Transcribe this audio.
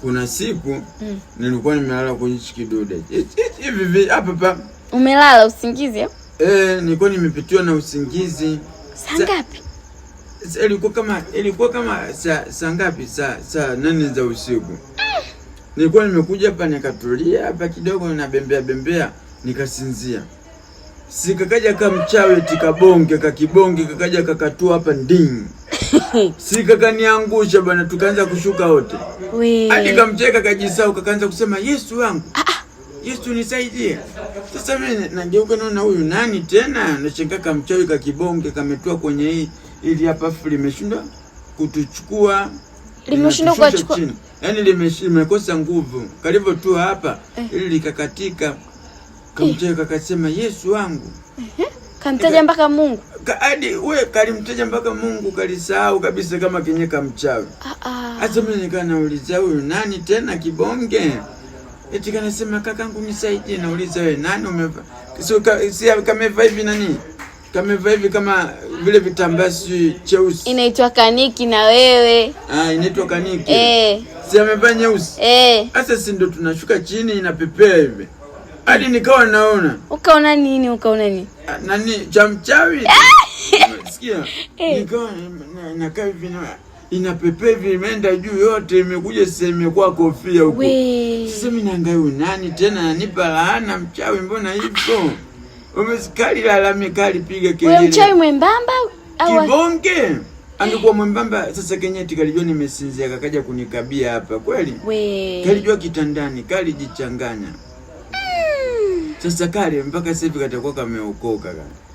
kuna siku mm. nilikuwa nimelala kwenye kidude hivi hapa. Umelala usingizi eh? Nilikuwa nimepitiwa na usingizi. Saa ngapi? Ilikuwa kama ilikuwa kama saa saa ngapi? Saa saa nane za usiku Nilikuwa nimekuja hapa nikatulia hapa kidogo, nabembea bembea nikasinzia. Sikakaja kamchawe tikabonge kakibonge kakaja kakatua hapa ndingi si kakaniangusha bwana, tukaanza kushuka wote hadi kamcheka kajisau, kakaanza kusema Yesu wangu ah, ah. Yesu nisaidie. Sasa mimi nageuka naona huyu nani tena? nashika kamchawi ka kibonge kametua kwenye hii ili hapa limeshindwa kutuchukua. Limeshindwa kuchukua. Yaani limekosa nguvu. tu hapa eh, ili likakatika. Kamchawi kakasema eh. Yesu wangu. Mhm. Kamtaja mpaka Mungu hadi wewe kalimteja mpaka Mungu kalisahau kabisa, kama kenyeka mchawi. Ah, ah. Hata mimi nikaa nauliza huyu nani tena kibonge? Eti kanasema kakangu nisaidie, nauliza wewe nani umeva? Sio si kameva hivi nani? Kameva hivi kama vile vitambasi cheusi. Inaitwa kaniki na wewe. Ah, inaitwa kaniki. Eh. Si amevaa nyeusi. Eh. Sasa si ndo tunashuka chini inapepea hivi hadi nikawa naona. Ukaona nini? Ukaona nini? Ah, nani cha eh! Sikia. Eh. Nikawa nakaa hivi na inapepea hivi imeenda juu yote imekuja sasa imekuwa kofia huko. Sasa mimi naangalia huyu nani tena ananipa laana mchawi mbona hivyo? Umesikali lala mikali piga kelele. Wewe mchawi mwembamba au kibonge? Angekuwa eh. mwembamba sasa kenyeti tikalijua nimesinzia kakaja kunikabia hapa kweli? Kalijua kitandani kalijichanganya. Sasa kale mpaka sasa hivi katakuwa kameokoka kana